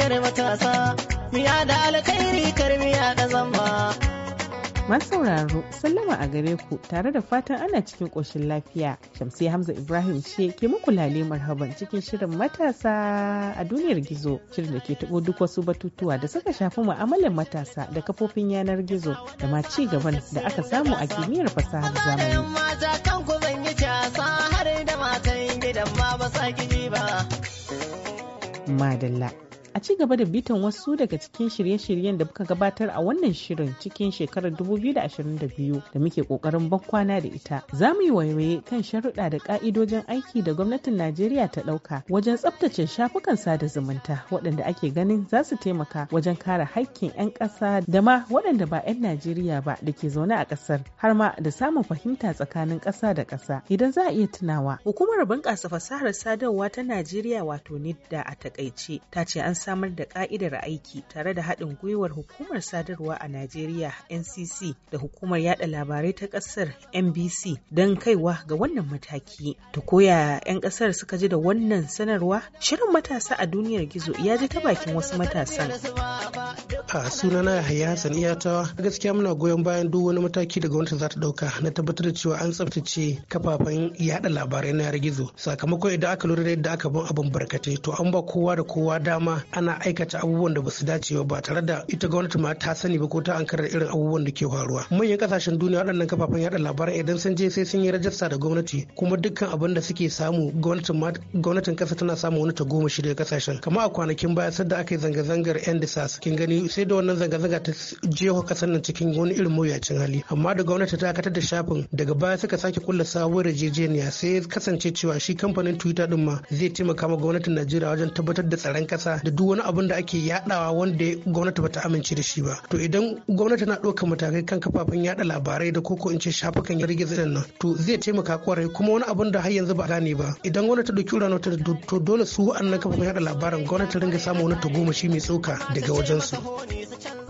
Muryar matasa, miya da alkhairi karmiya da zamba. sauraro sallama a gare ku tare da fatan ana cikin ƙoshin lafiya. Shamsi Hamza Ibrahim ce ke muku lale marhaban cikin shirin matasa a duniyar gizo. Shirin da ke tabo duk wasu batutuwa da suka shafi mu'amalar matasa da kafofin yanar gizo da ma ci gaban da aka samu a kimiyyar fasahar zamani. Madalla. a ci gaba da bitan wasu daga cikin shirye-shiryen da muka gabatar a wannan shirin cikin shekarar 2022 da muke kokarin bankwana da ita za mu yi waiwaye kan sharuɗa da ka'idojin aiki da gwamnatin najeriya ta ɗauka wajen tsaftace shafukan sada zumunta waɗanda ake ganin za su taimaka wajen kare haƙƙin 'yan ƙasa da ma waɗanda ba 'yan najeriya ba da ke zaune a ƙasar har ma da samun fahimta tsakanin ƙasa da ƙasa idan za a iya tunawa hukumar bunƙasa fasahar sadarwa ta najeriya wato nidda a takaice ta ce an samar da ƙa'idar aiki tare da haɗin gwiwar hukumar sadarwa a Najeriya NCC da hukumar yada labarai ta ƙasar NBC don kaiwa ga wannan mataki. Ta koya 'yan ƙasar suka ji da wannan sanarwa? Shirin matasa a duniyar gizo ya ji ta bakin wasu matasan. a sunana yahaya ta, iyatawa gaskiya muna goyon bayan duk wani mataki da gwamnati za ta ɗauka." na tabbatar da cewa an tsaftace kafafen yada labarai na gizo sakamakon idan aka lura da yadda aka bin abin barkatai to an ba kowa da kowa dama ana aikata abubuwan da ba su dace ba tare da ita gwamnati ma ta sani ba ko ta ankara irin abubuwan da ke faruwa manyan kasashen duniya waɗannan kafafen yada labarai idan sun je sai sun yi rajista da gwamnati kuma dukkan abin da suke samu gwamnatin ma gwamnatin kasa tana samu wani shi daga kasashen kamar a kwanakin baya sadda aka yi zanga-zangar yan disas kin gani sai da wannan zanga-zanga ta jeho kasar nan cikin wani irin mawuyacin hali amma da gwamnati ta katar da shafin daga baya suka sake kulla sabuwar yarjejeniya sai kasance cewa shi kamfanin twitter din ma zai taimaka ma gwamnatin najeriya wajen tabbatar da tsaron kasa da duk wani abun da ake yadawa wanda gwamnati bata amince da shi ba to idan gwamnati na ɗaukar matakai kan kafafen yada labarai da koko in ce shafukan yanar gizo din nan to zai taimaka kwarai kuma wani abin da har yanzu ba gane ba idan gwamnati ta ɗauki urano to dole su wa'annan kafafen yada labaran gwamnati ringa samu wani tagomashi mai tsoka daga wajensu.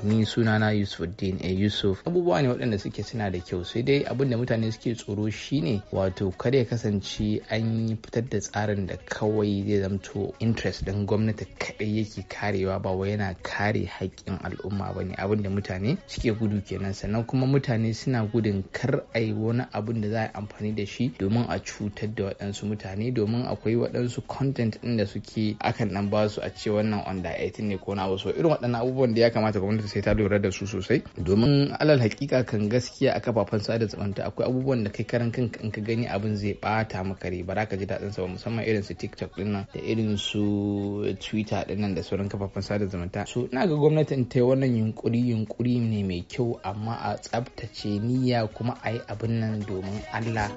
ni sunana yusufuddin a yusuf abubuwa ne waɗanda suke suna da kyau sai dai abin da mutane suke tsoro shine wato kada ya kasance an yi fitar da tsarin da kawai zai zamto interest din gwamnati kaɗai yake karewa ba wai yana kare haƙƙin al'umma ba ne abin da mutane suke gudu kenan sannan kuma mutane suna gudun kar a yi wani abin da za a amfani da shi domin a cutar da waɗansu mutane domin akwai waɗansu content ɗin da suke akan ɗan ba su a ce wannan under 18 ne ko na wasu irin waɗannan abubuwan da ya kamata gwamnati sai ta lura da su sosai domin alal hakika kan gaskiya a kafafen sada zumunta akwai abubuwan da kai karan kanka in ka gani abin zai bata maka rai ba za ka ji daɗin sa ba musamman irin su TikTok ɗin nan da irin su Twitter ɗin nan nan da sauran kafafen sada zumunta so ina ga gwamnatin ta yi wannan yunkuri yunkuri ne mai kyau amma a tsabtace niyya kuma a yi abin nan domin allah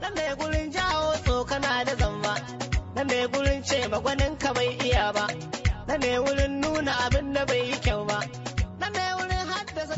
nan da gurin jawo kana da zamba nan da gurin ce magwanin ka bai iya ba nan ne wurin nuna abin da bai yi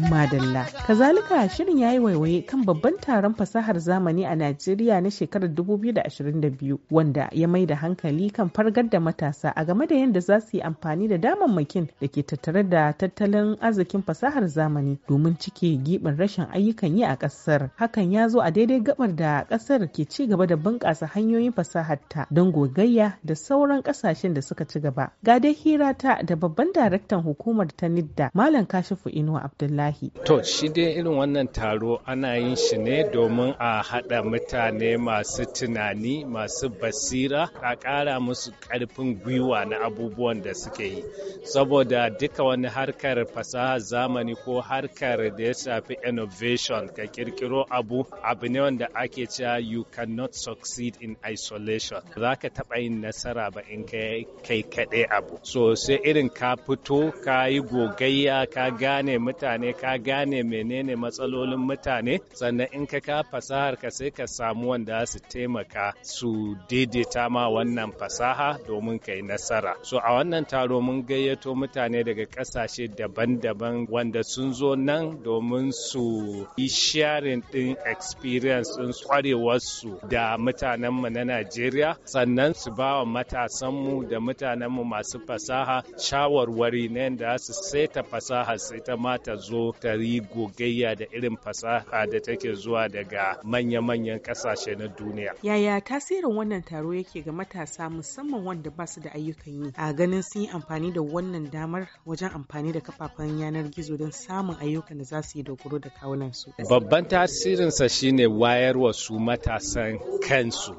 Madalla. Kazalika shirin ya yi waiwaye kan babban taron fasahar zamani a Najeriya na shekarar 2022 wanda ya mai da hankali kan fargar da matasa a game da yadda za su yi amfani da damammakin da ke tattare da tattalin arzikin fasahar zamani domin cike gibin rashin ayyukan yi a ƙasar. Hakan ya zo a daidai gabar da ƙasar ke ci gaba da bunƙasa hanyoyin fasaharta don gogayya da sauran ƙasashen da suka ci gaba. Ga dai hira ta da babban daraktan hukumar ta Nidda Malam Kashifu Inuwa Abdullahi. lillahi. To shi dai irin wannan taro ana yin shi ne domin a haɗa mutane masu tunani masu basira a ƙara musu ƙarfin gwiwa na abubuwan da suke yi. Saboda duka wani harkar fasaha zamani ko harkar da ya shafi innovation ka kirkiro abu abu ne wanda ake cewa you cannot succeed in isolation. Za ka taɓa yin nasara ba in kai kaɗai abu. So sai irin ka fito ka yi gogayya ka gane mutane ka gane menene matsalolin mutane sannan in ka ka fasahar ka sai ka samu wanda su taimaka su daidaita ma wannan fasaha domin ka yi nasara so a wannan taro mun gayyato mutane daga kasashe daban-daban wanda sun zo nan domin su yi sharing din experience din kwarewarsu da mutanenmu na Najeriya sannan su ba wa matasanmu da mutanenmu masu fasaha shawarwari na yadda su saita fasaha sai ta mata zo kokari gogayya da irin fasaha da take zuwa daga manya-manyan kasashe na duniya. Yaya tasirin wannan taro yake ga matasa musamman wanda ba su da ayyukan yi a ganin sun yi amfani da wannan damar wajen amfani da kafafen yanar gizo don samun ayyukan da za su yi dogaro da kawunan su. Babban tasirinsa shine wayarwa su matasan kansu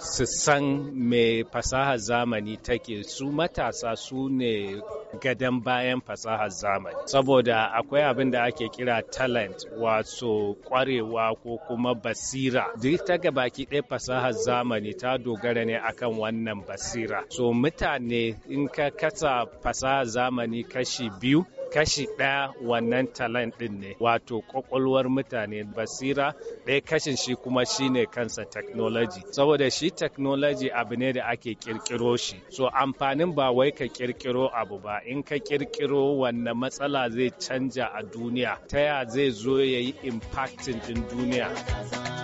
su san me fasaha zamani take su matasa su ne gadon bayan fasaha zamani saboda akwai abin da ake kira talent wato kwarewa ko kuma basira duk ta gabaki ɗaya fasaha zamani ta dogara ne akan wannan basira so mutane in ka kasa fasaha zamani kashi biyu kashi ɗaya wannan talent ɗin ne wato ƙwaƙwalwar mutane basira ɗaya kashin shi kuma shine kansa technology saboda shi technology abu ne da ake ƙirƙiro shi so amfanin ba wai ka ƙirƙiro abu ba in ka kirkiro wannan matsala zai canja a duniya ta ya zai zo ya yi impacting ɗin duniya.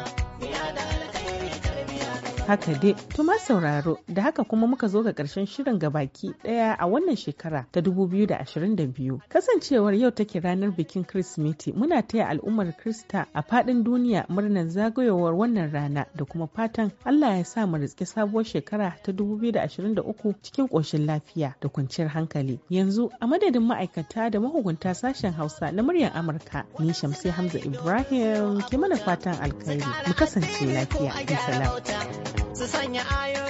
Haka dai, tuma sauraro da haka kuma muka zo ga ƙarshen shirin gabaki ɗaya a wannan shekara ta 2022. Kasancewar yau take ranar bikin Kirsimeti muna taya al'ummar Krista a faɗin duniya murnar zagayowar wannan rana da kuma fatan Allah ya sa mu riske sabuwar shekara ta 2023 cikin ƙoshin lafiya da kwanciyar hankali. Yanzu a madadin ma'aikata da mahugunta sashen Hausa na muryar Amurka, ni Shamsi Hamza Ibrahim ke mana fatan alkhairi mu kasance lafiya. you. 只差一爱啊哟！